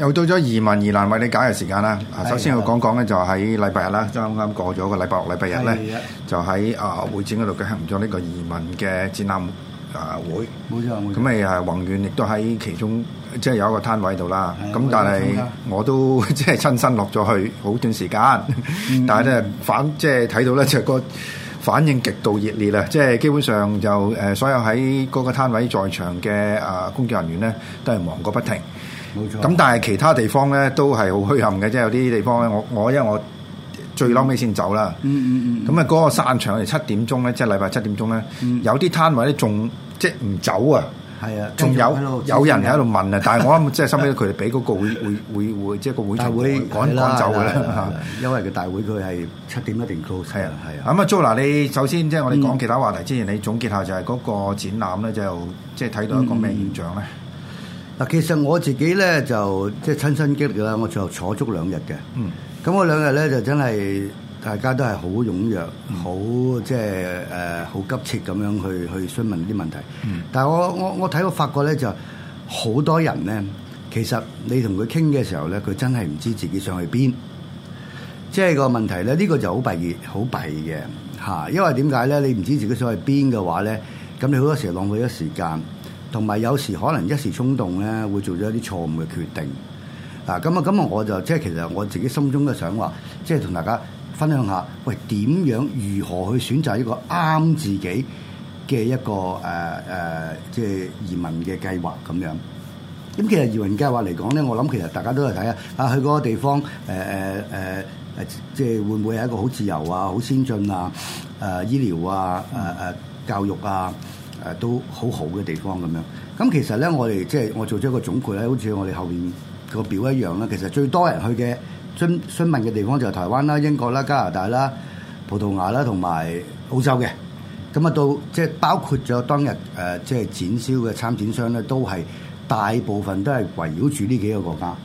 又到咗移民疑難為你解嘅時間啦！首先我講講咧，就喺禮拜日啦，即啱啱過咗個禮拜六禮拜日咧，就喺啊會展嗰度舉行咗呢個移民嘅展覽啊會。冇錯，咁咪啊宏遠亦都喺其中，即係有一個攤位度啦。咁但係我都即係親身落咗去好短時間，但係咧反即係睇到咧就個反應極度熱烈啊！即係基本上就誒所有喺嗰個攤位在場嘅啊工作人員咧都係忙個不停。冇錯，咁但係其他地方呢，都係好虛冚嘅，即係有啲地方呢，我因為我最撈尾先走啦。嗯嗯嗯。咁啊，嗰個散場係七點鐘咧，即係禮拜七點鐘呢，有啲攤位呢，仲即係唔走啊。仲有有人喺度問啊。但係我啱即係收尾，佢哋畀嗰個會會會會即係個會同會趕趕走嘅啦。因為佢大會佢係七點一定到。係啊係啊。咁啊，Joe，嗱，你首先即係我哋講其他話題之前，你總結下就係嗰個展覽咧，就即係睇到一個咩現象呢？嗱，其實我自己咧就即係親身經歷啦，我最後坐足兩日嘅。咁、嗯、我兩日咧就真係大家都係好踴躍、好即係誒好急切咁樣去去詢問啲問題。嗯、但係我我我睇我發覺咧，就好多人咧，其實你同佢傾嘅時候咧，佢真係唔知自己想去邊。即、就、係、是、個問題咧，呢、這個就好弊好弊嘅嚇。因為點解咧？你唔知自己想去邊嘅話咧，咁你好多時候浪費咗時間。同埋有時可能一時衝動咧，會做咗一啲錯誤嘅決定。咁啊，咁啊，我就即係其實我自己心中嘅想話，即係同大家分享下，喂，點樣如何去選擇一個啱自己嘅一個即係、啊啊即係、移民嘅計劃咁樣。咁、嗯、其實移民計劃嚟講咧，我諗其實大家都係睇下，啊去嗰個地方、啊啊、即係會唔會係一個好自由啊、好先進啊，啊、醫療啊、啊教育啊？誒都好好嘅地方咁樣，咁其實咧，我哋即係我做咗一個總括咧，好似我哋後面個表一樣咧，其實最多人去嘅詢詢問嘅地方就係台灣啦、英國啦、加拿大啦、葡萄牙啦同埋澳洲嘅，咁啊到即係包括咗當日誒即係展銷嘅參展商咧，都係大部分都係圍繞住呢幾個國家，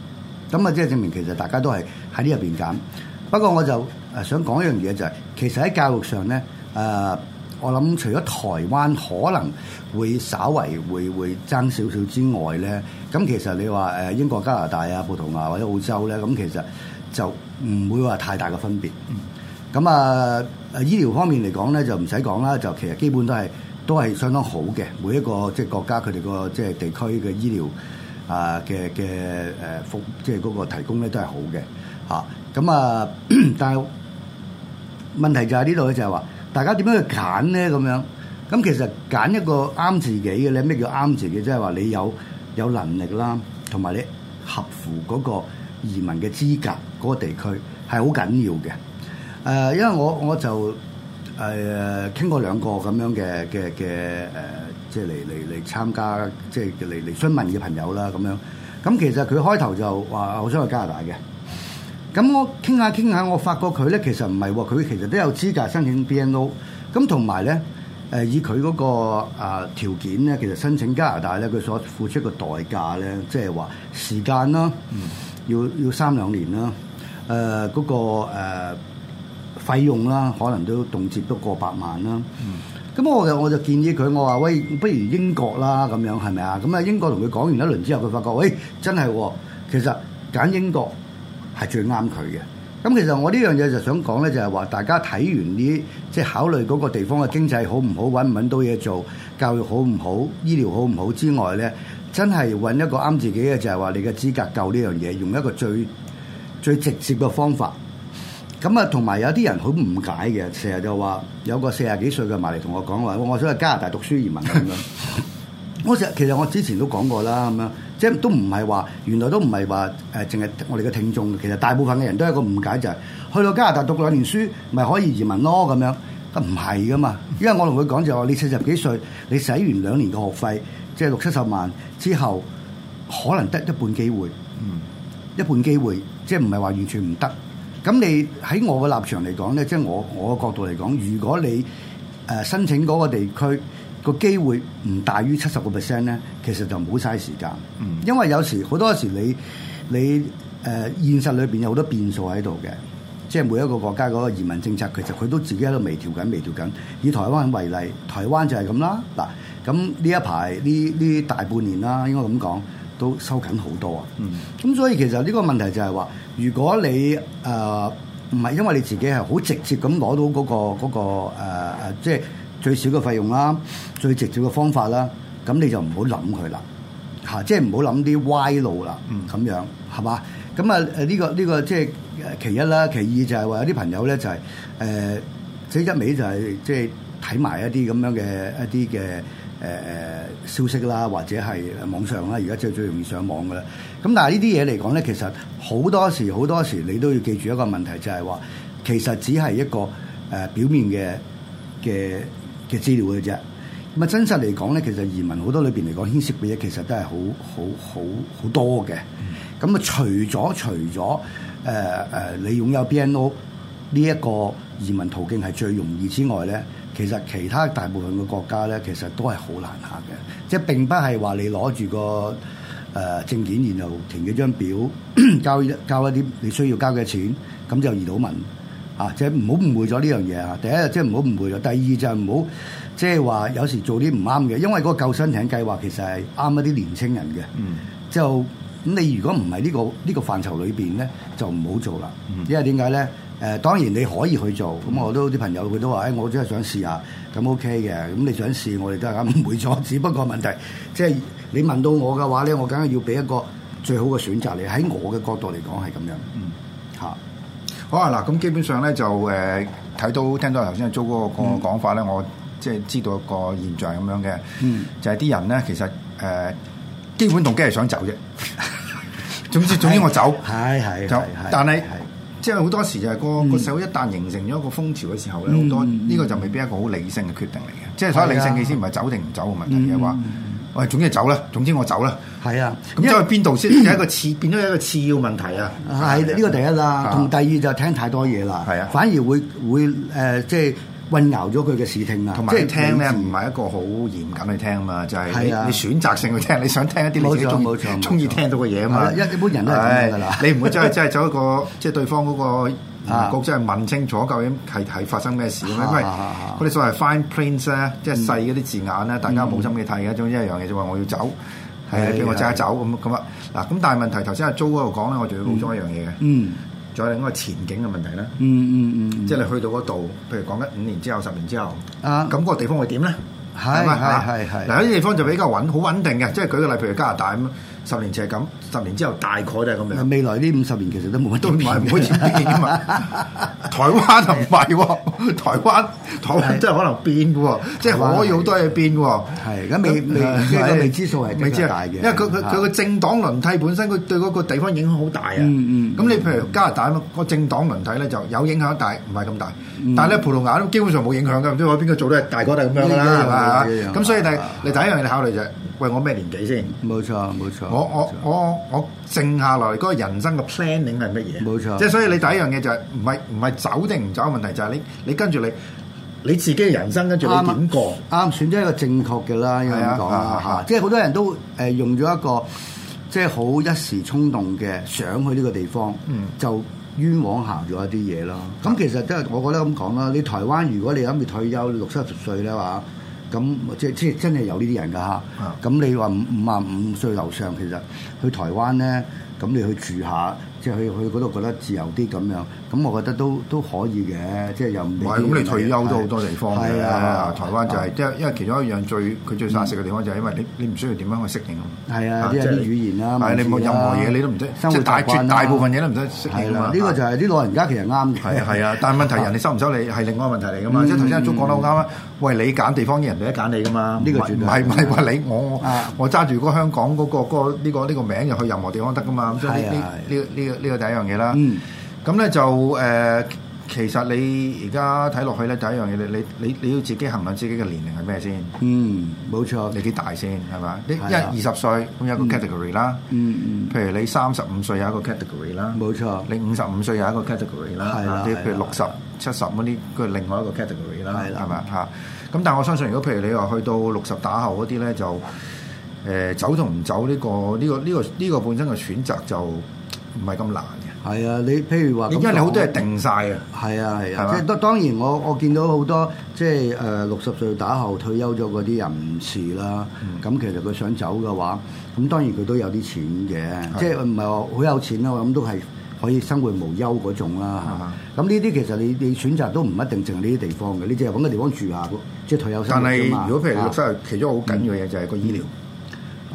咁啊即係證明其實大家都係喺呢入邊揀。不過我就誒想講一樣嘢就係，其實喺教育上咧誒。我諗除咗台灣可能會稍為會會爭少少之外咧，咁其實你話誒英國、加拿大啊、葡萄牙或者澳洲咧，咁其實就唔會話太大嘅分別。咁、嗯、啊，醫療方面嚟講咧，就唔使講啦，就其實基本都係都係相當好嘅。每一個即係國家佢哋個即係地區嘅醫療啊嘅嘅誒服，即係嗰個提供咧都係好嘅嚇。咁啊，但問題就係呢度咧就係話。大家點樣去揀咧？咁樣咁其實揀一個啱自己嘅咧，咩叫啱自己？即係話你有有能力啦，同埋你合乎嗰個移民嘅資格嗰、那個地區係好緊要嘅。誒、呃，因為我我就誒傾、呃、過兩個咁樣嘅嘅嘅誒，即係嚟嚟嚟參加即係嚟嚟詢問嘅朋友啦。咁樣咁其實佢開頭就話我想去加拿大嘅。咁我傾下傾下，我發覺佢咧其實唔係喎，佢其實都有資格申請 BNO。咁同埋咧，以佢嗰個誒條件咧，其實申請加拿大咧，佢所付出嘅代價咧，即係話時間啦，要要三兩年啦，嗰、嗯呃那個費、呃、費用啦，可能都動輒都過百萬啦。咁、嗯、我就我就建議佢，我話喂，不如英國啦，咁樣係咪啊？咁啊英國同佢講完一輪之後，佢發覺喂、欸，真係喎、哦，其實揀英國係最啱佢嘅。咁其實我呢樣嘢就想講咧，就係話大家睇完啲即係考慮嗰個地方嘅經濟好唔好，揾唔揾到嘢做，教育好唔好，醫療好唔好之外咧，真係揾一個啱自己嘅，就係話你嘅資格救呢樣嘢，用一個最最直接嘅方法。咁啊，同埋有啲人好誤解嘅，成日就話有個四十幾歲嘅埋嚟同我講話，我想去加拿大讀書移民咁樣。我 其實我之前都講過啦，咁樣。即係都唔係話，原來都唔係話，誒、呃，淨係我哋嘅聽眾。其實大部分嘅人都係個誤解，就係、是、去到加拿大讀兩年書，咪可以移民咯咁樣。唔係噶嘛？因為我同佢講就話、是，你七十幾歲，你使完兩年嘅學費，即係六七十萬之後，可能得一半機會。嗯，一半機會，即係唔係話完全唔得。咁你喺我嘅立場嚟講咧，即、就、係、是、我我嘅角度嚟講，如果你、呃、申請嗰個地區。個機會唔大於七十個 percent 咧，其實就唔好嘥時間，嗯、因為有時好多時你你誒、呃、現實裏邊有好多變數喺度嘅，即係每一個國家嗰個移民政策其實佢都自己喺度微調緊、微調緊。以台灣為例，台灣就係咁啦，嗱咁呢一排呢呢大半年啦，應該咁講都收緊好多啊。咁、嗯、所以其實呢個問題就係話，如果你誒唔係因為你自己係好直接咁攞到嗰個嗰個、呃、即係。最少嘅費用啦，最直接嘅方法啦，咁你就唔好諗佢啦，嚇，即係唔好諗啲歪路啦，咁、嗯、樣係嘛？咁啊呢個呢、呢個即係其一啦，其二就係話有啲朋友咧就係、是、誒，即、呃、一味就係即係睇埋一啲咁樣嘅一啲嘅誒誒消息啦，或者係網上啦，而家即係最容易上網噶啦。咁但係呢啲嘢嚟講咧，其實好多時好多時你都要記住一個問題、就是，就係話其實只係一個誒、呃、表面嘅嘅。嘅嘅資料嘅啫，咁啊真實嚟講咧，其實移民好多裏邊嚟講，牽涉嘅嘢其實都係好好好好多嘅。咁啊、嗯，除咗除咗誒誒，你擁有 BNO 呢一個移民途徑係最容易之外咧，其實其他大部分嘅國家咧，其實都係好難下嘅。即係並不係話你攞住個誒證件，然後填幾張表， 交交一啲你需要交嘅錢，咁就移到民。啊！即係唔好誤會咗呢樣嘢啊！第一即係唔好誤會咗，第二就係唔好即係話有時做啲唔啱嘅，因為嗰個救生艇計劃其實係啱一啲年青人嘅。嗯就。就咁，你如果唔係呢個呢、這個範疇裏邊咧，就唔好做啦。嗯、因為點解咧？誒、呃，當然你可以去做。咁我都啲、嗯、朋友佢都話：，誒、哎，我真係想試下。咁 OK 嘅。咁你想試，我哋都係啱。誤會咗，只不過問題即係、就是、你問到我嘅話咧，我梗係要俾一個最好嘅選擇你。喺我嘅角度嚟講係咁樣。嗯。嚇！好啊！嗱，咁基本上咧就誒睇到聽到頭先阿 Jo 嗰個講法咧，嗯、我即係知道一個現象咁樣嘅，嗯、就係啲人咧其實誒、呃、基本動機係想走啫。嗯、總之總之我走，係係但係即係好多時就係個個社會一旦形成咗一個風潮嘅時候咧，好、嗯、多呢、呢個就未必係一個好理性嘅決定嚟嘅，即係所謂理性嘅意思唔係走定唔走嘅問題，而係話。嗯嗯嗯嗯喂，總之走啦，總之我走啦。係啊，咁走去邊度先係一個次，變咗一個次要問題啊。係呢個第一啦，同第二就聽太多嘢啦。係啊，反而會會誒，即係混淆咗佢嘅視聽啊。同埋即係聽咧，唔係一個好嚴謹去聽啊，就係你你選擇性去聽，你想聽一啲你自己中冇錯冇錯，中意聽到嘅嘢啊嘛。一一般人都係咁樣㗎啦，你唔會真係真係走一個即係對方嗰個。局國即係問清楚究竟係係發生咩事啊？因為嗰啲所謂 fine print 咧，即係細嗰啲字眼咧，大家冇心機睇嘅。總之一樣嘢就話我要走，係俾我即刻走咁咁啊！嗱，咁但係問題頭先阿 Jo 嗰度講咧，我仲要補充一樣嘢嘅。嗯，仲有另外一個前景嘅問題啦。嗯嗯嗯，即係你去到嗰度，譬如講緊五年之後、十年之後，咁個地方會點咧？係咪？係係。嗱，有啲地方就比較穩，好穩定嘅。即係舉個例，譬如加拿大咁，十年就係咁。十年之後大概都係咁樣。未來呢五十年其實都冇乜都唔唔會變啊！台灣就唔係喎，台灣台灣真係可能變嘅喎，即係可以好多嘢變喎。係而家未未未知數係未知嘅，因為佢佢佢個政黨輪替本身佢對嗰個地方影響好大啊！咁你譬如加拿大咁，個政黨輪替咧就有影響，但係唔係咁大。但係咧葡萄牙都基本上冇影響㗎，唔知我邊個做都係大概都係咁樣啦，係咪？咁所以你第一樣嘢考慮就係喂，我咩年紀先？冇錯冇錯，我我我。我靜下來，嗰個人生嘅 planning 係乜嘢？冇錯，即係所以你第一樣嘢就係唔係唔係走定唔走嘅問題，就係、是、你你跟住你你自己嘅人生嘅做點過？啱選咗一個正確嘅啦，應該講啊嚇，即係好多人都誒用咗一個即係好一時衝動嘅想去呢個地方，就冤枉行咗一啲嘢咯。咁、嗯、其實即係我覺得咁講啦，你台灣如果你諗住退休六七十歲咧話，咁即即真係有呢啲人噶嚇，咁你話五五啊五歲樓上其實去台灣咧，咁你去住下，即係去去度得覺得自由啲咁樣，咁我覺得都都可以嘅，即係又唔係咁你退休都好多地方嘅嚇，台灣就係即係因為其中一樣最佢最實質嘅地方就係因為你你唔需要點樣去適應啊，係啊，即係啲語言啦，係你冇任何嘢你都唔使，即係大絕大部分嘢都唔使適應呢個就係啲老人家其實啱嘅，係啊係啊，但係問題人哋收唔收你係另外一個問題嚟㗎嘛，即係頭先阿鍾講得好啱啊。喂，你揀地方嘅人，嘅人哋一揀你噶嘛？呢是個絕對唔係唔係話你，我、啊、我我揸住嗰香港嗰個嗰呢個呢個個名就去任何地方得噶嘛？咁即係呢呢呢呢個第一樣嘢啦。咁咧、嗯、就誒。呃其實你而家睇落去咧，第一樣嘢你你你你要自己衡量自己嘅年齡係咩先？嗯，冇錯，你幾大先？係嘛？一二十歲咁有一個 category 啦。嗯嗯。譬如你三十五歲有一個 category 啦。冇錯。你五十五歲有一個 category 啦、嗯。係啦。你譬如六十、七十咁啲，佢另外一個 category 啦，係咪？咁但係我相信，如果譬如你話去到六十打後嗰啲咧，就、呃、走同唔走呢個呢個呢個呢個本身嘅選擇就唔係咁難。係啊，你譬如話，因為你好多人定晒啊。係啊係啊，吧即係當然我我見到好多即係誒六十歲打後退休咗嗰啲人士啦。咁、嗯、其實佢想走嘅話，咁當然佢都有啲錢嘅，是啊、即係唔係話好有錢啦？我諗都係可以生活無憂嗰種啦。咁呢啲其實你你選擇都唔一定淨係呢啲地方嘅，你即係揾個地方住下，即係退休生活，但係如果譬如六十歲、啊、其中好緊要嘅嘢就係個醫療、嗯。嗯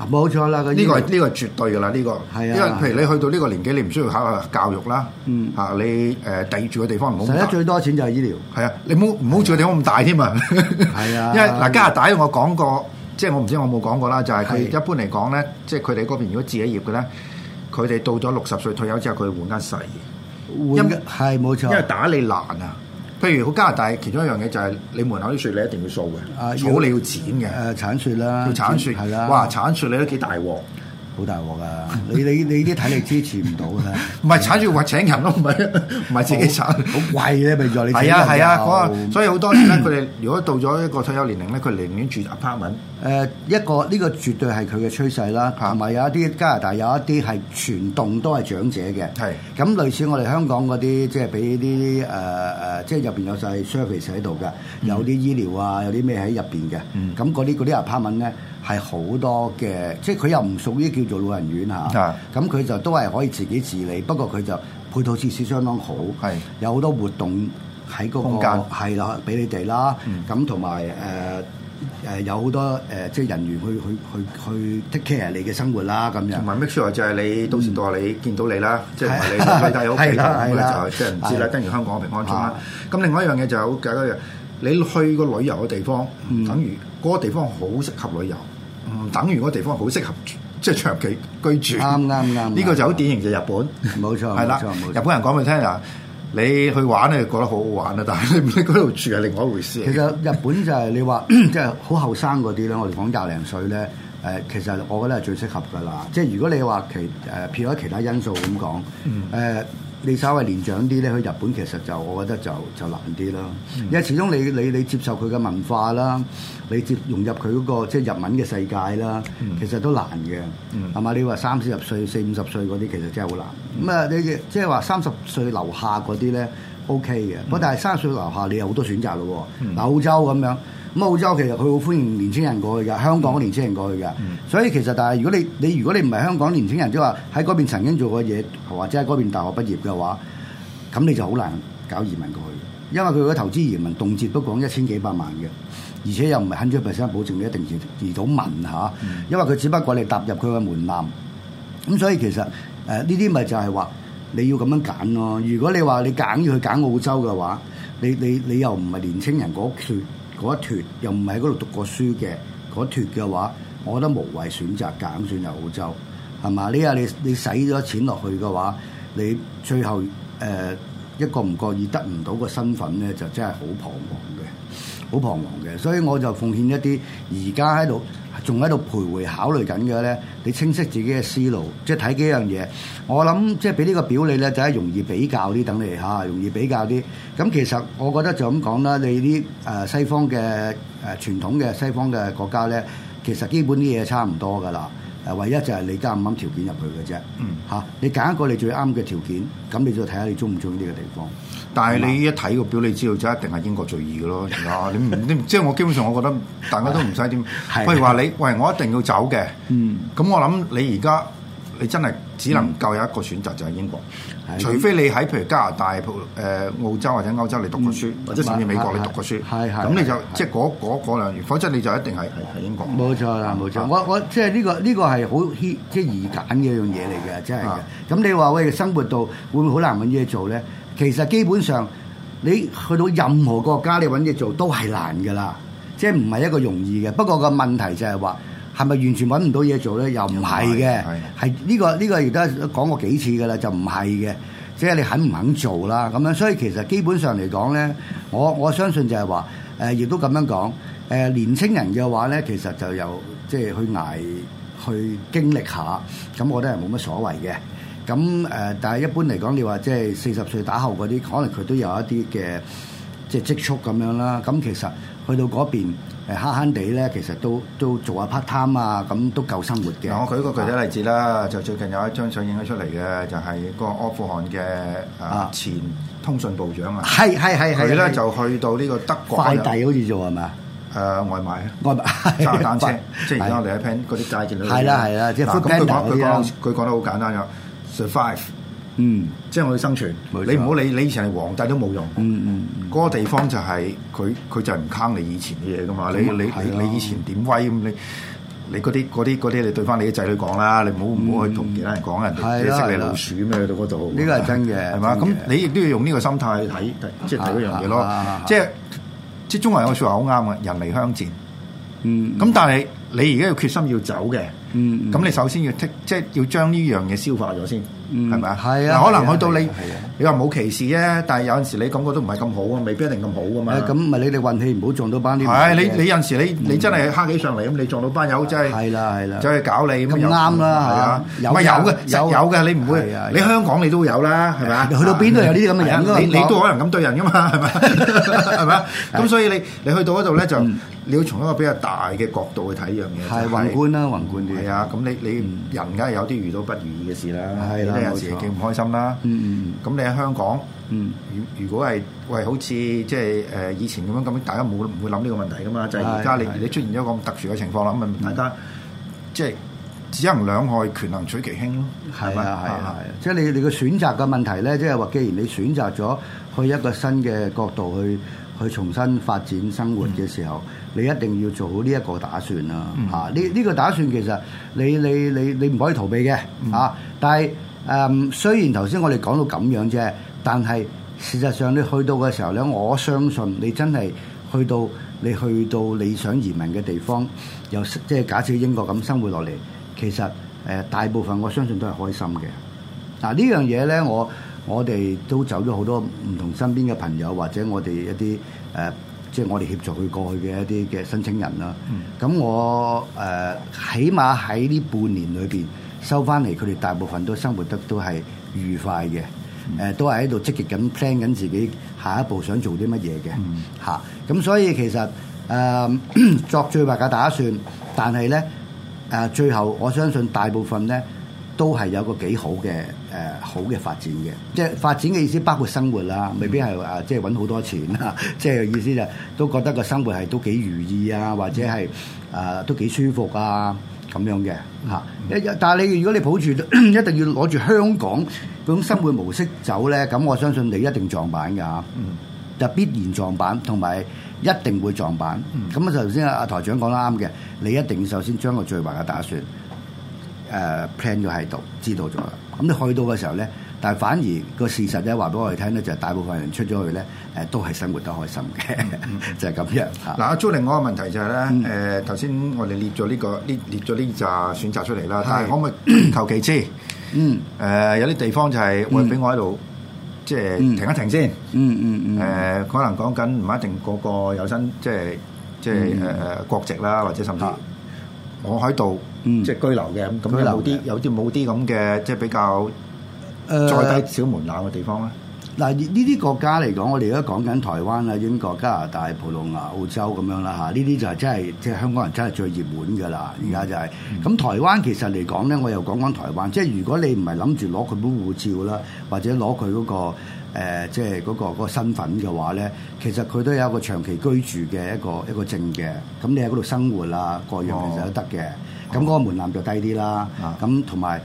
冇錯啦，呢、這個呢、這個絕對噶啦，呢、這個，啊、因為譬如你去到呢個年紀，你唔需要考慮教育啦，嚇、嗯、你誒抵、呃、住個地方唔好，使得最多錢就係醫療。係啊，你冇唔好住個地方咁大添嘛。係啊，因為嗱加拿大我講過，即係我唔知我冇講過啦，就係、是、佢一般嚟講咧，是即係佢哋嗰邊如果自己業嘅咧，佢哋到咗六十歲退休之後，佢會換間細嘅。換係的冇因錯。因為打你難啊。譬如好加拿大，其中一樣嘢就係你門口啲雪，你一定要掃嘅，啊、草你要剪嘅，誒、呃，剷雪啦，要剷雪，係啦，是哇，剷雪你都幾大鑊。好大鑊噶，你你你啲體力支持唔到啊！唔係踩住或請人囉，唔係，唔係自己踩，好貴嘅，咪在你係啊係啊，所以好多時咧，佢哋如果到咗一個退休年齡咧，佢寧願住 apartment。誒，一個呢個絕對係佢嘅趨勢啦，係咪有一啲加拿大有一啲係全棟都係長者嘅。係咁類似我哋香港嗰啲，即係俾啲誒誒，即係入邊有曬 service 喺度嘅，有啲醫療啊，有啲咩喺入邊嘅。嗯，咁嗰啲嗰啲 apartment 咧，係好多嘅，即係佢又唔屬於叫做老人院嚇，咁佢就都係可以自己自理，不過佢就配套設施相當好，有好多活動喺個空間係啦，俾你哋啦，咁同埋誒誒有好多誒即係人員去去去去 take care 你嘅生活啦，咁樣同埋 make sure 就係你到時到你見到你啦，即係你帶入屋企，就即係唔知啦，跟住香港平安全啦。咁另外一樣嘢就係好緊要，你去個旅遊嘅地方，等於嗰個地方好適合旅遊。唔等於個地方好適合，即係長期居住。啱啱啱，呢個就好典型嘅，就是，日本，冇錯。係啦，的錯錯日本人講俾你聽啊，你去玩咧覺得好好玩啊，但係你唔識嗰度住係另外一回事。其實日本就係，是，你話即係好後生嗰啲咧，我哋講廿零歲咧，誒、呃、其實我覺得係最適合噶啦。即係如果你話其誒譬如其他因素咁講，誒、嗯。呃你稍微年長啲咧，去日本其實就我覺得就就難啲咯，嗯、因為始終你你你接受佢嘅文化啦，你接融入佢嗰、那個即係、就是、日文嘅世界啦，嗯、其實都難嘅，係嘛、嗯？你話三四十歲、四五十歲嗰啲其實真係好難。咁啊，你即係話三十歲樓下嗰啲咧 OK 嘅，不過但係三十歲樓下你有好多選擇咯，嗯、紐洲咁樣。澳洲其實佢好歡迎年青人過去噶，香港年青人過去噶，嗯、所以其實，但係如果你你如果你唔係香港年青人，即係話喺嗰邊曾經做過嘢，或者喺嗰邊大學畢業嘅話，咁你就好難搞移民過去嘅，因為佢嘅投資移民動輒都講一千幾百萬嘅，而且又唔係肯講百分百保證你一定移到民吓，因為佢只不過你踏入佢嘅門檻，咁所以其實誒呢啲咪就係話你要咁樣揀咯。如果你話你揀要去揀澳洲嘅話，你你你又唔係年青人嗰嗰一脱又唔係喺嗰度讀過書嘅，嗰一脱嘅話，我覺得無謂選擇揀選擇澳洲，係嘛？呢啊，你你使咗錢落去嘅話，你最後誒、呃、一個唔覺意得唔到個身份咧，就真係好彷徨嘅，好彷徨嘅。所以我就奉獻一啲而家喺度。仲喺度徘徊考慮緊嘅咧，你清晰自己嘅思路，即係睇幾樣嘢。我諗即係俾呢個表你咧，就係容易比較啲，等你嚇容易比較啲。咁其實我覺得就咁講啦，你啲誒西方嘅誒傳統嘅西方嘅國家咧，其實基本啲嘢差唔多噶啦。誒，唯一就係你加唔啱條件入去嘅啫。嗯。嚇，你揀一個你最啱嘅條件，咁你就睇下你中唔中意呢個地方。但係你一睇個表，你知道就一定係英國最易嘅咯。啊，你唔，即係我基本上，我覺得大家都唔使點。譬如話你，喂，我一定要走嘅。嗯，咁我諗你而家你真係只能夠有一個選擇，就係英國。除非你喺譬如加拿大、誒澳洲或者歐洲你讀過書，或者甚至美國你讀過書，咁你就即係嗰嗰嗰兩，否則你就一定係喺英國。冇錯啦，冇錯。我我即係呢個呢個係好即係易揀嘅一樣嘢嚟嘅，即係。咁你話喂生活度會唔會好難揾嘢做咧？其實基本上，你去到任何國家，你揾嘢做都係難噶啦，即係唔係一個容易嘅。不過個問題就係話，係咪完全揾唔到嘢做咧？又唔係嘅，係呢、呢個呢、呢個亦都講過幾次噶啦，就唔係嘅。即係你肯唔肯做啦？咁樣，所以其實基本上嚟講咧，我我相信就係話，亦、呃、都咁樣講、呃，年青人嘅話咧，其實就有，即、就、係、係、去挨去經歷一下，咁我都係冇乜所謂嘅。咁誒，但係一般嚟講，你話即係四十歲打後嗰啲，可能佢都有一啲嘅即係積蓄咁樣啦。咁其實去到嗰邊誒慳慳地咧，其實都都做下 part time 啊，咁都夠生活嘅。嗱，我舉個具體例子啦，就最近有一張相影咗出嚟嘅，就係個阿富汗嘅前通訊部長啊。係係係係。佢咧就去到呢個德國。快遞好似做係嘛？誒，外賣啊，外賣揸單車，即係而家我 p 一 n 嗰啲界接裏面。係啦係啦，即係咁。佢講佢講得好簡單㗎。survive，嗯，即係我去生存，你唔好理你以前係皇帝都冇用，嗯嗯，嗰個地方就係佢佢就唔坑你以前嘅嘢噶嘛，你你你你以前點威咁你你嗰啲嗰啲啲你對翻你啲仔女講啦，你唔好唔好去同其他人講人哋識你老鼠咩去到嗰度，呢個係真嘅，係嘛，咁你亦都要用呢個心態去睇，即係睇一樣嘢咯，即係即係中文有個說話好啱啊，人離鄉賤，嗯，咁但係你而家要決心要走嘅。嗯，咁你首先要剔，即係要將呢樣嘢消化咗先。嗯，係咪啊？係啊，可能去到你，你話冇歧視啫，但係有陣時你感覺都唔係咁好啊，未必一定咁好㗎嘛。咁咪你哋運氣唔好撞到班啲，係你你有陣時你你真係黑起上嚟咁，你撞到班友真係係啦係啦，就去搞你咁啱啦嚇，有咪有嘅有有嘅，你唔會你香港你都有啦，係咪啊？去到邊都有呢啲咁嘅人，你你都可能咁對人㗎嘛，係咪？係咪？咁所以你你去到嗰度咧，就你要從一個比較大嘅角度去睇一樣嘢，係宏觀啦，宏觀啲啊。咁你你唔人梗係有啲遇到不如意嘅事啦，係啦。有時幾唔開心啦。嗯嗯，咁你喺香港，嗯，如如果係喂好似即係誒以前咁樣，咁大家冇唔會諗呢個問題噶嘛？就係而家你你出現咗一個咁特殊嘅情況啦，咁咪大家即係只能兩害權衡取其輕咯。係啊係啊，即係你你嘅選擇嘅問題咧，即係話既然你選擇咗去一個新嘅角度去去重新發展生活嘅時候，你一定要做好呢一個打算啦。嚇，呢呢個打算其實你你你你唔可以逃避嘅。嚇，但係誒，um, 雖然頭先我哋講到咁樣啫，但係事實上你去到嘅時候咧，我相信你真係去到你去到你想移民嘅地方，又即係假設英國咁生活落嚟，其實、呃、大部分我相信都係開心嘅。嗱、啊、呢樣嘢咧，我我哋都走咗好多唔同身邊嘅朋友，或者我哋一啲、呃、即係我哋協助佢過去嘅一啲嘅申請人啦。咁、嗯、我、呃、起碼喺呢半年裏面。收翻嚟，佢哋大部分都生活得都係愉快嘅，誒、嗯、都係喺度積極咁 plan 緊自己下一步想做啲乜嘢嘅嚇。咁、嗯、所以其實誒、呃、作最壞嘅打算，但係咧誒最後我相信大部分咧都係有個幾好嘅誒、呃、好嘅發展嘅，即係發展嘅意思包括生活啦、啊，未必係誒、嗯、即係揾好多錢啦、啊，即係意思就都覺得個生活係都幾如意啊，或者係誒、呃、都幾舒服啊。咁樣嘅嚇，一但係你如果你抱住一定要攞住香港嗰種生活模式走咧，咁我相信你一定撞板嘅嚇，嗯、就必然撞板，同埋一定會撞板。咁、嗯、啊，頭先阿台長講得啱嘅，你一定要首先將個最壞嘅打算誒 plan 咗喺度，知道咗啦。咁你去到嘅時候咧。但係反而個事實咧，話俾我哋聽咧，就係大部分人出咗去咧，誒都係生活得開心嘅，就係咁樣。嗱，阿 Jo 另外一個問題就係咧，誒頭先我哋列咗呢個列列咗呢紮選擇出嚟啦，但係可唔可以求其知？嗯誒，有啲地方就係話俾我喺度，即係停一停先。嗯嗯嗯。誒，可能講緊唔一定個個有身，即係即係誒誒國籍啦，或者甚至我喺度，即係居留嘅咁，冇啲有啲冇啲咁嘅，即係比較。再低小門檻嘅地方咧，嗱呢啲國家嚟講，我哋而家講緊台灣啦、英國、加拿大、葡萄牙、澳洲咁樣啦嚇，呢啲就係真係即係香港人真係最熱門㗎啦。而家、嗯、就係、是、咁，嗯、台灣其實嚟講咧，我又講講台灣，即、就、係、是、如果你唔係諗住攞佢本護照啦，或者攞佢嗰個即係嗰個身份嘅話咧，其實佢都有一個長期居住嘅一個一個證嘅，咁你喺嗰度生活啦、啊、各樣其實都得嘅，咁嗰、哦、個門檻就低啲啦，咁同埋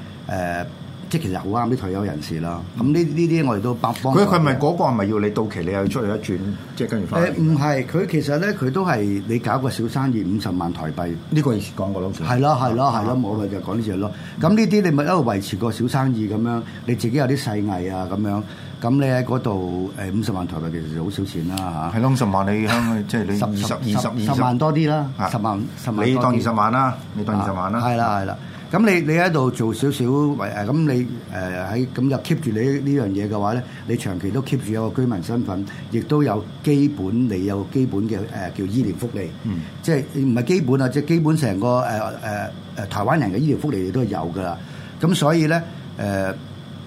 即係其實好啱啲退休人士啦。咁呢呢啲我哋都幫幫佢。佢咪嗰個係咪要你到期你又要出嚟一轉，即係跟住翻？誒唔係，佢其實咧佢都係你搞個小生意，五十萬台幣。呢個講過咯。係咯係咯係咯，冇咪就講呢隻咯。咁呢啲你咪一路維持個小生意咁樣，你自己有啲細藝啊咁樣。咁你喺嗰度誒五十萬台幣其實好少錢啦嚇。係咯，五十萬你香即係你十二十二十萬多啲啦，十萬十萬。你當二十萬啦，你當二十萬啦。係啦係啦。咁你你喺度做少少，咁你喺咁就 keep 住你呢樣嘢嘅話，咧，你長期都 keep 住一個居民身份，亦都有基本你有基本嘅誒、呃、叫醫療福利，嗯、即係唔係基本啊？即係基本成個誒誒誒台灣人嘅醫療福利亦都係有噶啦。咁所以咧誒、呃，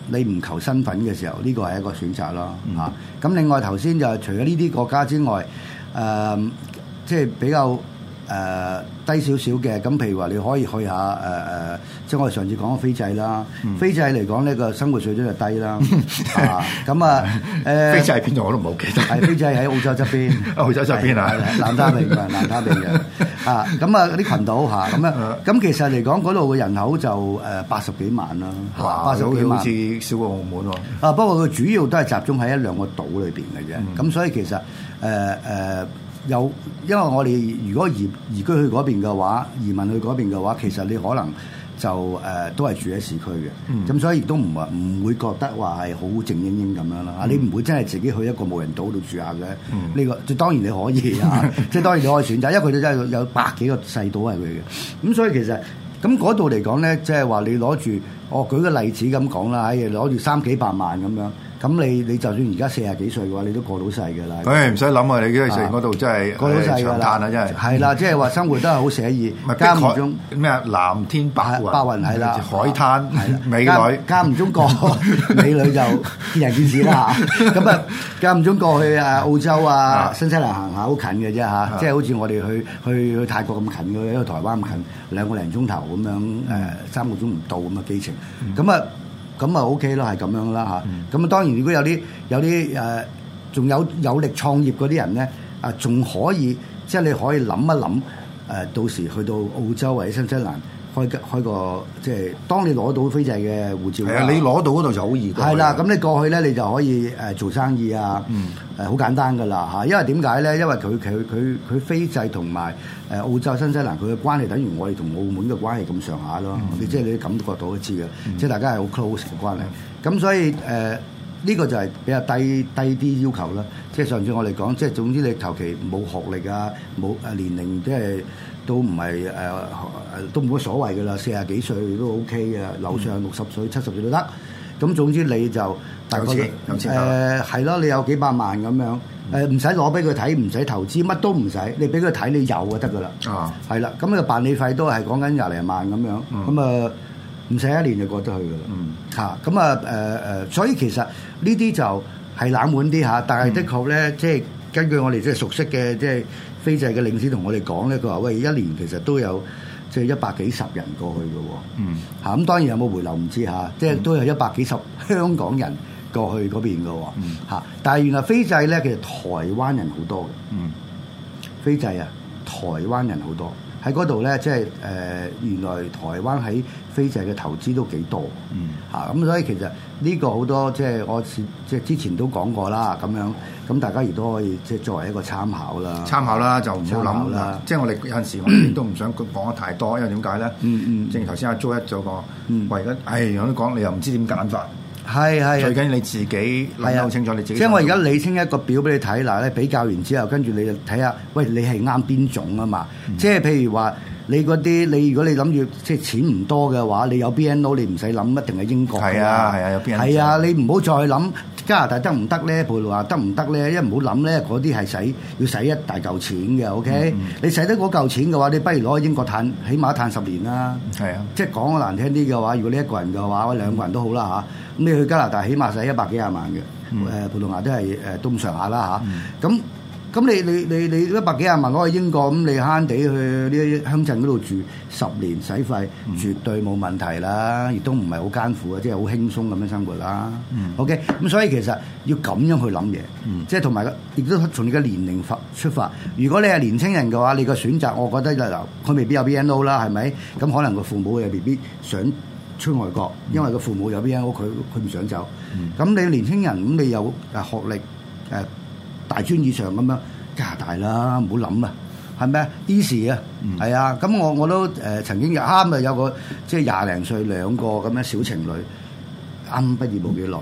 你唔求身份嘅時候，呢個係一個選擇咯嚇。咁、嗯啊、另外頭先就係除咗呢啲國家之外，誒、呃、即係比較。誒低少少嘅，咁譬如話你可以去下誒誒，即係我哋上次講斐濟啦。斐濟嚟講呢個生活水準就低啦。咁啊誒，斐濟喺邊度我都唔好記得？係斐濟喺澳洲側邊。澳洲側邊啊？南沙尼南沙尼嘅啊，咁啊啲群島嚇，咁咧，咁其實嚟講嗰度嘅人口就誒八十幾萬啦，八十幾萬，好似少過澳門喎。啊，不過佢主要都係集中喺一兩個島裏邊嘅啫。咁所以其實誒誒。有，因為我哋如果移移居去嗰邊嘅話，移民去嗰邊嘅話，其實你可能就誒、呃、都係住喺市區嘅，咁、嗯、所以亦都唔唔會覺得話係好靜英英咁樣啦。嗯、你唔會真係自己去一個無人島度住下嘅呢個。即係、嗯、當然你可以 啊，即、就、係、是、當然你可以選擇，因為佢哋真係有百幾個細島係佢嘅。咁所以其實咁嗰度嚟講咧，即係話你攞住，我舉個例子咁講啦，誒，攞住三幾百萬咁樣。咁你你就算而家四十幾歲嘅話，你都過到世嘅啦。誒，唔使諗啊！你喺食嗰度真係過到世嘅啦，長嘆真係。係啦，即係話生活都係好寫意。唔係，間唔中咩？藍天白白雲係啦，海灘係啦，美女。間唔中過美女就見仁見智啦嚇。咁啊，間唔中過去啊澳洲啊新西蘭行下，好近嘅啫嚇。即係好似我哋去去去泰國咁近嘅，因為台灣咁近兩個零鐘頭咁樣，誒三個鐘唔到咁嘅機程。咁啊。咁啊 OK 啦，係咁樣啦吓。咁啊、嗯、當然，如果有啲有啲誒，仲、呃、有有力創業嗰啲人咧，啊、呃、仲可以，即、就、係、是、你可以諗一諗誒、呃，到時去到澳洲或者新西蘭。開開個即係，當你攞到斐濟嘅護照，係啊，你攞到嗰度就好易。係啦的，咁的你過去咧，你就可以誒做生意啊，誒好、嗯、簡單噶啦嚇。因為點解咧？因為佢佢佢佢斐濟同埋誒澳洲、新西蘭，佢嘅關係等於我哋同澳門嘅關係咁上下咯。嗯、你即係你感覺到都知嘅，嗯、即係大家係好 close 嘅關係。咁所以誒，呢、呃這個就係比較低低啲要求啦。即係上次我嚟講，即係總之你求其冇學歷啊，冇誒年齡，即係。都唔係誒，都冇乜所謂嘅啦。四十幾歲都 OK 嘅，樓上六十歲、嗯、七十歲都得。咁總之你就大概誒係咯，你有幾百萬咁樣誒，唔使攞俾佢睇，唔使投資，乜都唔使。你俾佢睇，你有就得噶啦。啊，係啦。咁佢辦理費都係講緊廿零萬咁樣。咁啊、嗯嗯，唔使一年就過得去噶啦。嗯，嚇咁啊誒誒，所以其實呢啲就係冷門啲嚇，但係的確咧，嗯、即係根據我哋即係熟悉嘅即係。斐濟嘅領事同我哋講咧，佢話：喂，一年其實都有即係、就是、一百幾十人過去嘅喎。嗯。嚇，咁當然有冇回流唔知嚇，嗯、即係都係一百幾十香港人過去嗰邊嘅喎。嗯。嚇，但係原來斐濟咧，其實台灣人好多嘅。嗯。斐濟啊，台灣人好多喺嗰度咧，即係誒、呃、原來台灣喺斐濟嘅投資都幾多。嗯。嚇、啊，咁所以其實。呢個好多即係我似即係之前都講過啦，咁樣咁大家亦都可以即係作為一個參考啦。參考啦，就唔好諗啦。即係我哋有陣時我都唔想講得太多，因為點解咧？正如頭先阿 Jo 一咗個，我而家唉，我都講你又唔知點揀法。係係，是是最緊要你自己諗清楚、啊、你自己。即係、啊就是、我而家理清一個表俾你睇，嗱咧，比較完之後，跟住你睇下，喂，你係啱邊種啊嘛？嗯、即係譬如話，你嗰啲你如果你諗住即係錢唔多嘅話，你有 B N O 你唔使諗一定係英國㗎啦。係啊係啊，有 B N O。係啊，你唔好再諗。加拿大得唔得咧？葡萄牙得唔得咧？一唔好諗咧，嗰啲係使要使一大嚿錢嘅，OK？、嗯、你使得嗰嚿錢嘅話，你不如攞去英國嘆，起碼嘆十年啦。啊、嗯，即係講個難聽啲嘅話，如果你一個人嘅話，嗯、兩個人都好啦咁，啊、你去加拿大，起碼使一百幾廿萬嘅，誒葡萄牙都係誒都咁上下啦咁咁你你你你一百幾廿萬攞去英國咁，你慳地去啲鄉鎮嗰度住十年使費，絕對冇問題啦，亦都唔係好艱苦呀，即係好輕鬆咁樣生活啦。嗯、OK，咁所以其實要咁樣去諗嘢，嗯、即係同埋亦都從你嘅年齡發出發。如果你係年輕人嘅話，你嘅選擇，我覺得就嗱，佢未必有 BNO 啦，係咪？咁可能個父母又未必想出外國，因為個父母有 BNO，佢佢唔想走。咁、嗯、你年輕人咁，你有誒學歷、呃大專以上咁樣加拿大啦，唔好諗啊，係咪啊？easy 啊，係、呃、啊，咁我我都誒曾經啱咪有個即係廿零歲兩個咁樣小情侶啱畢業冇幾耐，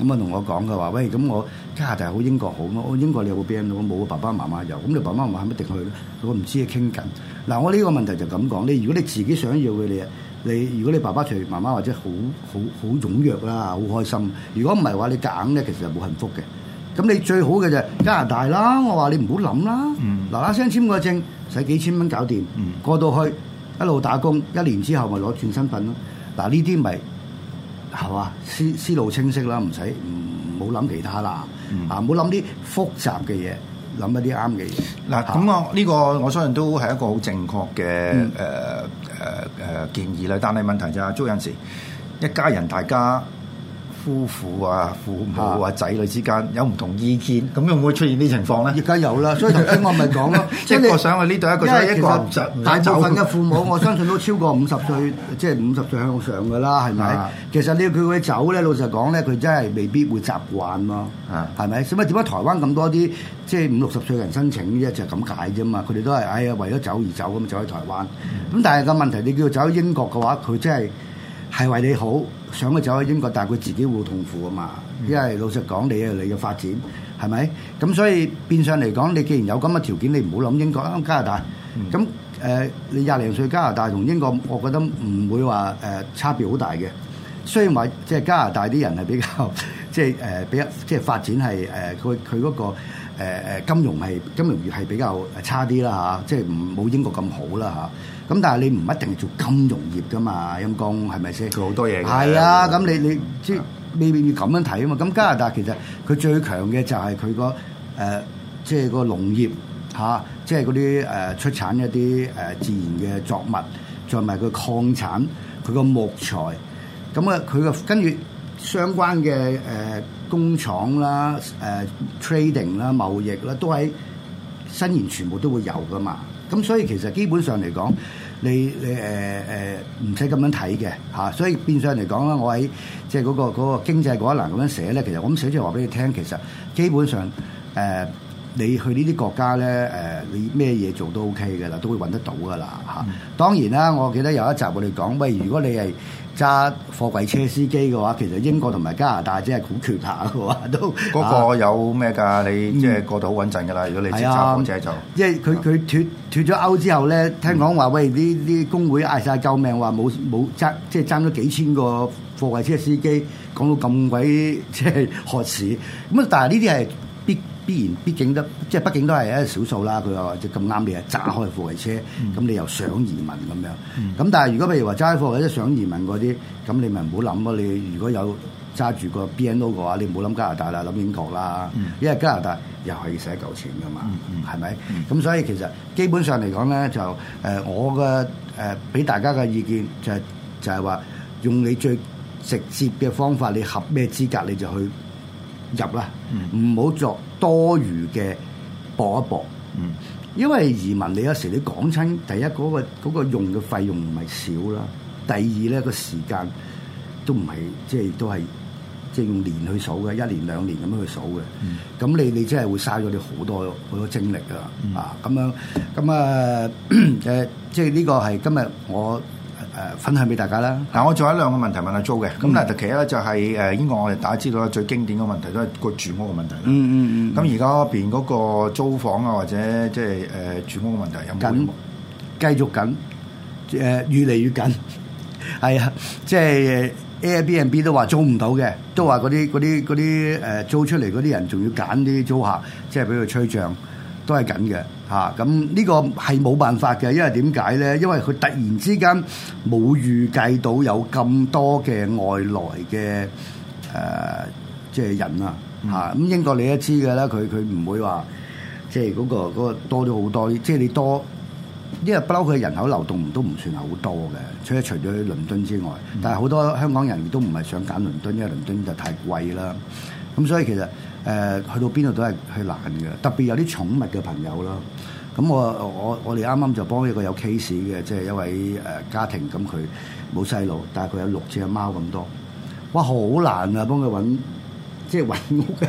咁啊同我講佢話：喂，咁我加拿大好英國好咯，英國你有冇邊？我冇，爸爸媽媽有。咁你爸爸媽媽喺定去咧？我唔知啊，傾緊。嗱，我呢個問題就咁講，你如果你自己想要嘅嘢，你，你如果你爸爸、除媽媽或者好好好踴躍啦，好開心；如果唔係話你夾硬咧，其實係冇幸福嘅。咁你最好嘅就係加拿大啦，我話你唔好諗啦，嗱嗱聲簽個證，使幾千蚊搞掂，嗯、過到去一路打工，一年之後咪攞轉身份咯。嗱呢啲咪係嘛，思思路清晰啦，唔使唔好諗其他啦，嗯、啊唔好諗啲複雜嘅嘢，諗一啲啱嘅嘢。嗱咁那是我呢、呢個我相信都係一個好正確嘅誒誒誒建議啦，但係問題就係，有陣時一家人大家。夫婦啊、父母啊、仔女之間有唔同意見，咁又會出現啲情況咧？而家有啦，所以頭先我咪講咯，即我想去呢度，一個想去英國。大部分嘅父母，我相信都超過五十歲，即係五十歲向上㗎啦，係咪？的其實你佢會走咧，老實講咧，佢真係未必會習慣咯，係咪的？所以點解台灣咁多啲即係五六十歲人申請呢？就咁解啫嘛，佢哋都係哎呀為咗走而走，咁走喺台灣。咁、嗯、但係個問題，你叫佢走喺英國嘅話，佢真係。係為你好，想佢走去英國，但係佢自己會痛苦啊嘛。因為老實講，你呀你嘅發展係咪？咁所以變相嚟講，你既然有咁嘅條件，你唔好諗英國啦，加拿大。咁誒、呃，你廿零歲加拿大同英國，我覺得唔會話誒差別好大嘅。雖然話即係加拿大啲人係比較即係誒比較即係發展係誒佢佢嗰個。誒誒金融係金融業係比較差啲啦嚇，即係唔冇英國咁好啦嚇。咁但係你唔一定做金融業噶嘛，陰公係咪先？佢好多嘢嘅。係啊的，咁、嗯、你你、嗯、即係未必要咁樣睇啊嘛。咁加拿大其實佢最強嘅就係佢個誒，即、呃、係、就是、個農業嚇，即係嗰啲誒出產一啲誒自然嘅作物，再埋佢礦產，佢個木材，咁啊佢個跟住相關嘅誒。呃工廠啦、誒、uh, trading 啦、uh,、貿易啦，都、uh, 喺新年全部都會有噶嘛。咁所以其實基本上嚟講，你誒誒誒唔使咁樣睇嘅嚇。Uh, 所以變相嚟講咧，我喺即係嗰個嗰、嗰個經濟嗰一欄咁樣寫咧，其實我咁寫出嚟話俾你聽，其實基本上誒、uh, 你去呢啲國家咧誒，uh, 你咩嘢做都 OK 嘅啦，都會揾得到噶啦嚇。Uh, 嗯、當然啦，我記得有一集我哋講喂，如果你係，揸貨櫃車司機嘅話，其實英國同埋加拿大即係好缺下嘅話，都嗰個有咩㗎？嗯、你即係過到好穩陣㗎啦！如果你知，受講者即係佢佢脫脫咗歐之後咧，聽講話喂呢啲工會嗌晒救命，話冇冇爭，即係爭咗幾千個貨櫃車司機，講到咁鬼即係渴市。咁啊！但係呢啲係。必然，畢竟得即係，畢竟都係一少數啦。佢話：即咁啱你係，揸開貨櫃車咁，咁你又想移民咁樣咁。嗯、但係，如果譬如話揸貨或者想移民嗰啲，咁你咪唔好諗咯。你如果有揸住個 B N O 嘅話，你唔好諗加拿大啦，諗英國啦，嗯、因為加拿大又係要使舊錢噶嘛，係咪、嗯？咁、嗯嗯、所以其實基本上嚟講咧，就誒、呃、我嘅誒俾大家嘅意見就係、是、就係、是、話用你最直接嘅方法，你合咩資格你就去入啦，唔好作，多餘嘅搏一搏，嗯，因為移民你有時你講親第一嗰、嗰個嗰個用嘅費用唔係少啦，第二咧個時間都唔係即係都係即係用年去數嘅，一年兩年咁樣去數嘅，嗯那，咁你你真係會嘥咗你好多好多精力噶，嗯、啊，咁樣咁啊，誒， 即係呢個係今日我。誒分享俾大家啦！嗱，我仲有一兩個問題問阿租嘅，咁嗱、嗯，但其一咧就係誒英國我哋大家知道啦，最經典嘅問題都係個住屋嘅問題啦、嗯。嗯嗯嗯。咁而家邊嗰個租房啊，或者即係誒住屋嘅問題有冇，緊，繼續緊，呃、越嚟越緊。係 啊，即、就、係、是、Airbnb 都話租唔到嘅，都話嗰啲啲啲誒租出嚟嗰啲人仲要揀啲租客，即、就、係、是、俾佢催帳。都係緊嘅嚇，咁、啊、呢個係冇辦法嘅，因為點解咧？因為佢突然之間冇預計到有咁多嘅外來嘅誒，即、呃、係、就是、人啊嚇。咁、啊、英國你都知嘅啦，佢佢唔會話即係嗰個嗰個多咗好多。即、就、係、是、你多，因為不嬲佢人口流動都唔算係好多嘅，除咗除咗喺倫敦之外，嗯、但係好多香港人亦都唔係想揀倫敦，因為倫敦就太貴啦。咁所以其實。誒去到邊度都係係難嘅，特別有啲寵物嘅朋友咯。咁我我我哋啱啱就幫一個有 case 嘅，即係一位誒家庭咁，佢冇細路，但係佢有六隻貓咁多。哇，好難啊！幫佢揾即係揾屋嘅。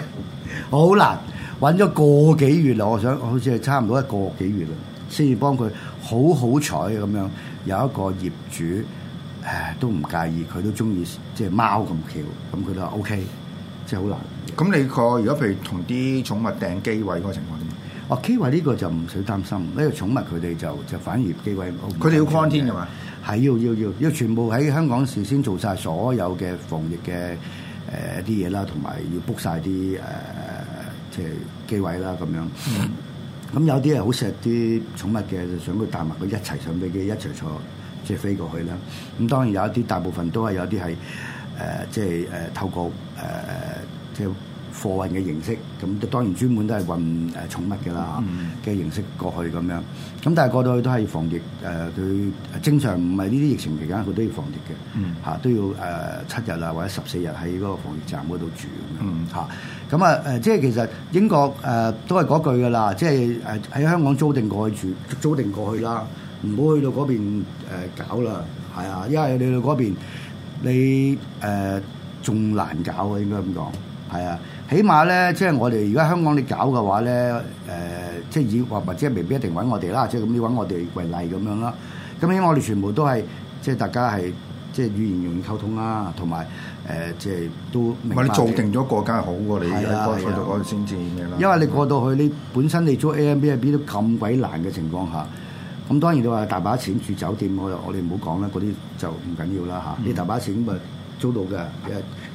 好 難揾咗個幾月啦。我想好似係差唔多一個幾月啦，先至幫佢好好彩咁樣有一個業主誒都唔介意，佢都中意即係貓咁橋，咁佢就 OK。即係好難。咁你個如果譬如同啲寵物訂機位嗰個情況點啊？機位呢個就唔使擔心，因為寵物佢哋就就反而機位，佢哋要擴天㗎嘛？係要要要，要全部喺香港事先做晒所有嘅防疫嘅誒啲嘢啦，同、呃、埋要 book 晒啲誒即係機位啦咁樣。咁、嗯嗯、有啲係好錫啲寵物嘅，就想佢帶埋佢一齊，上飛機一齊坐，即、就、係、是、飛過去啦。咁、嗯、當然有一啲大部分都係有啲係。誒、呃、即係誒透過誒、呃、即係貨運嘅形式，咁當然專門都係運誒寵物嘅啦嘅、嗯、形式過去咁樣，咁但係過到去都係防疫誒，佢、呃、正常唔係呢啲疫情期間佢都要防疫嘅嚇、嗯啊，都要誒、呃、七日啊或者十四日喺嗰個防疫站嗰度住咁樣嚇，咁、嗯、啊誒、嗯啊、即係其實英國誒、呃、都係嗰句㗎喇，即係誒喺香港租定過去住，租定過去啦，唔好去到嗰邊、呃、搞啦，係啊，因為你去到嗰邊。你誒仲、呃、難搞喎，應該咁講，係啊，起碼咧，即係我哋而家香港你搞嘅話咧，誒、呃，即係以或或者未必一定揾我哋啦，即係咁你揾我哋為例咁樣啦。咁因為我哋全部都係即係大家係即係語言容易溝通啦，同埋誒即係都唔係你做定咗國家好過，你過到去先至嘅啦。因為你過到去，的你本身你租 A M B A B 都咁鬼難嘅情況下。咁當然你話大把錢住酒店，我我哋唔好講啦，嗰啲就唔緊要啦、嗯、你大把錢咪租到嘅，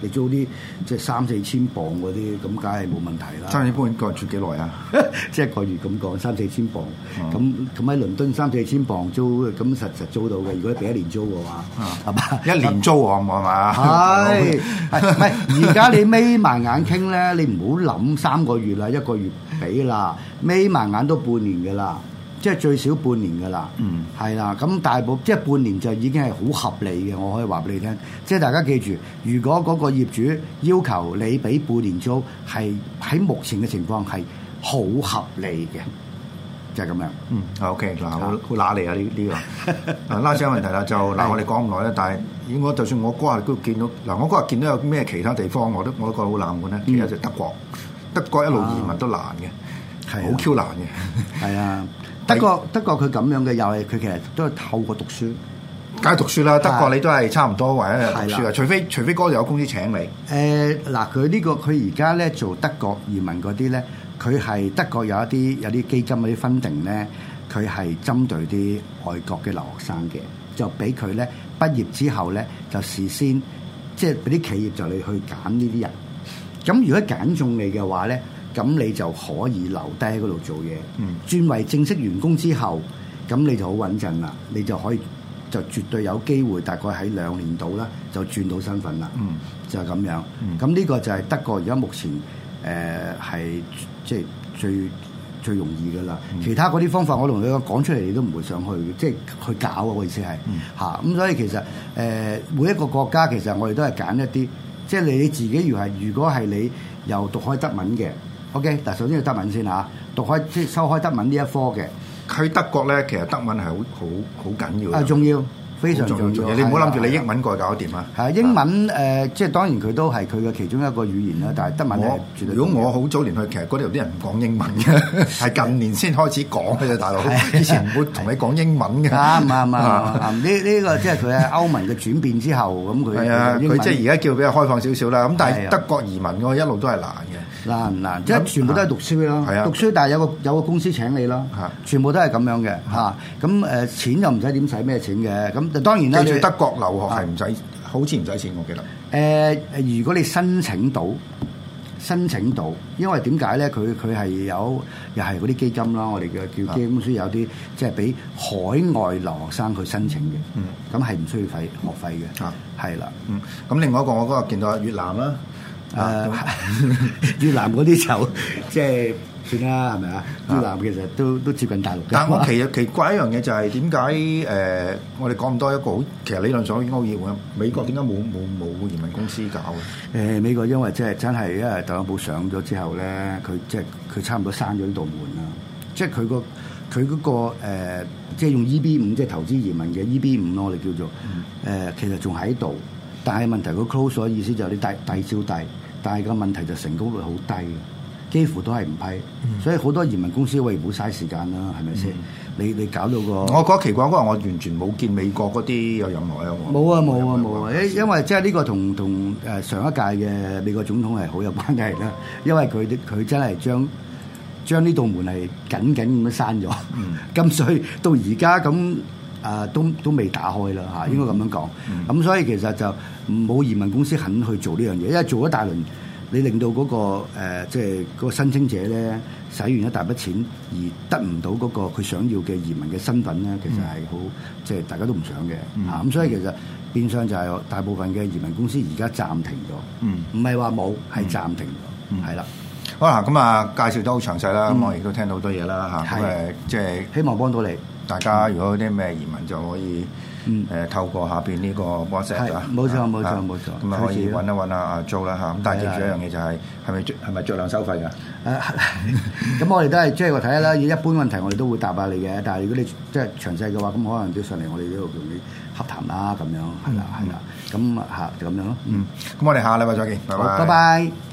你租啲即係三四千磅嗰啲，咁梗係冇問題啦。差唔多一個人住幾耐啊？即係 一個月咁講，三四千磅，咁咁喺倫敦三四千磅租，咁實實租到嘅。如果俾一年租嘅話，嗯、係嘛？一年租就我唔可係，唔而家你眯埋眼傾咧，你唔好諗三個月啦，一個月俾啦，眯埋眼都半年嘅啦。即係最少半年㗎啦，係啦、嗯，咁大部即係半年就已經係好合理嘅，我可以話俾你聽。即係大家記住，如果嗰個業主要求你俾半年租，係喺目前嘅情況係好合理嘅，就係、是、咁樣。嗯，好 OK，好實，好喇、啊、利啊呢呢、呢個。最後、 啊、問題啦，就嗱我哋講唔耐咧，但係如果就算我嗰日都見到嗱，我嗰日見到有咩其他地方我都我都覺得好冷門咧，即係、嗯、德國，德國一路移民都難嘅，好 Q、啊、難嘅，係啊的。的 德國，德國佢咁樣嘅又係，佢其實都係透過讀書，梗係讀書啦。是德國你都係差唔多或者讀書的除非除非嗰度有公司請你。誒嗱、呃，佢、這個、呢個佢而家咧做德國移民嗰啲咧，佢係德國有一啲有啲基金嗰啲分定咧，佢係針對啲外國嘅留學生嘅，就俾佢咧畢業之後咧就事先即係俾啲企業就嚟去揀呢啲人。咁如果揀中你嘅話咧，咁你就可以留低喺嗰度做嘢，轉、嗯、為正式員工之後，咁你就好穩陣啦。你就可以就絕對有機會，大概喺兩年度啦，就轉到身份啦。就係咁樣。咁呢個就係德國而家目前誒係即係最最容易噶啦。嗯、其他嗰啲方法，我同你講出嚟，你都唔會想去，即、就、係、是、去搞啊！我意思係吓，咁、嗯啊、所以其實、呃、每一個國家其實我哋都係揀一啲，即、就、係、是、你自己要係如果係你又讀開德文嘅。OK，嗱，首先要德文先嚇，讀開即係收開德文呢一科嘅。去德國咧，其實德文係好好好緊要。啊，重要，非常重要。你唔好諗住你英文過搞掂啊。係英文誒，即係當然佢都係佢嘅其中一個語言啦。但係德文咧，絕對。如果我好早年去，其實嗰度啲人唔講英文嘅，係近年先開始講嘅。大佬以前唔會同你講英文嘅。啱啱？啱。呢呢個即係佢係歐盟嘅轉變之後咁。佢係啊，佢即係而家叫比較開放少少啦。咁但係德國移民嗰一路都係難。難唔難？即係全部都係讀書咯，讀書、啊啊、但係有個有個公司請你咯，全部都係咁樣嘅嚇。咁誒、啊啊啊、錢又唔使點使咩錢嘅。咁就當然啦、就係。去德國留學係唔使，啊、好似唔使錢，我記得。誒誒，如果你申請到，申請到，因為點解咧？佢佢係有，又係嗰啲基金啦。我哋嘅叫基金書有啲，啊、即係俾海外留學生去申請嘅。嗯，咁係唔需要費學費嘅。啊，係啦、啊。嗯，咁另外一個我嗰個見到越南啦。誒、uh, 越南嗰啲就即係、就是、算啦，係咪啊？越南其實都、uh. 都接近大陸嘅。但我其實 奇怪一樣嘢就係點解誒我哋講咁多一個好其實理論上已應該要嘅美國，點解冇冇冇移民公司搞嘅？誒、uh, 美國因為即、就、係、是、真係因為特朗普上咗之後咧，佢即係佢差唔多閂咗呢道門啦。即係佢、那個佢嗰、那個、呃、即係用 EB 五即係投資移民嘅 EB 五咯，我哋叫做誒、呃、其實仲喺度，但係問題佢 close，所以意思就係你遞遞照遞。帶.但係個問題就成功率好低嘅，幾乎都係唔批，嗯、所以好多移民公司，喂，唔好嘥時間啦，係咪先？嗯、你你搞到個，我覺得奇怪，嗰個，我完全冇見美國嗰啲有任何、啊、有冇啊冇啊冇啊！因為即係呢個同同誒上一屆嘅美國總統係好有關嘅，而因為佢佢真係將將呢道門係緊緊咁樣閂咗，咁所以到而家咁。誒都都未打開啦嚇，應該咁樣講。咁、嗯嗯、所以其實就冇移民公司肯去做呢樣嘢，因為做咗大輪，你令到嗰、誒即係嗰個申請者咧，使完一大筆錢而得唔到嗰個佢想要嘅移民嘅身份咧，其實係好即係大家都唔想嘅嚇。咁、嗯嗯、所以其實變相就係大部分嘅移民公司而家暫停咗，唔係話冇，係暫停咗，係啦。好啦，咁啊介紹得好詳細啦，嗯、我亦都聽到好多嘢啦嚇，咁即係希望幫到你。大家如果有啲咩疑問就可以，誒透過下邊呢個 WhatsApp 啦，冇錯冇錯冇錯，咁啊可以揾一揾啊，阿 Jo 啦嚇。咁但係最重要一樣嘢就係，係咪著係咪著量收費㗎？咁我哋都係即係話睇下啦。一般問題我哋都會答下你嘅。但係如果你即係詳細嘅話，咁可能都上嚟我哋呢度同你洽談啦，咁樣係啦係啦。咁啊嚇就咁樣咯。嗯，咁我哋下個禮拜再見。拜拜。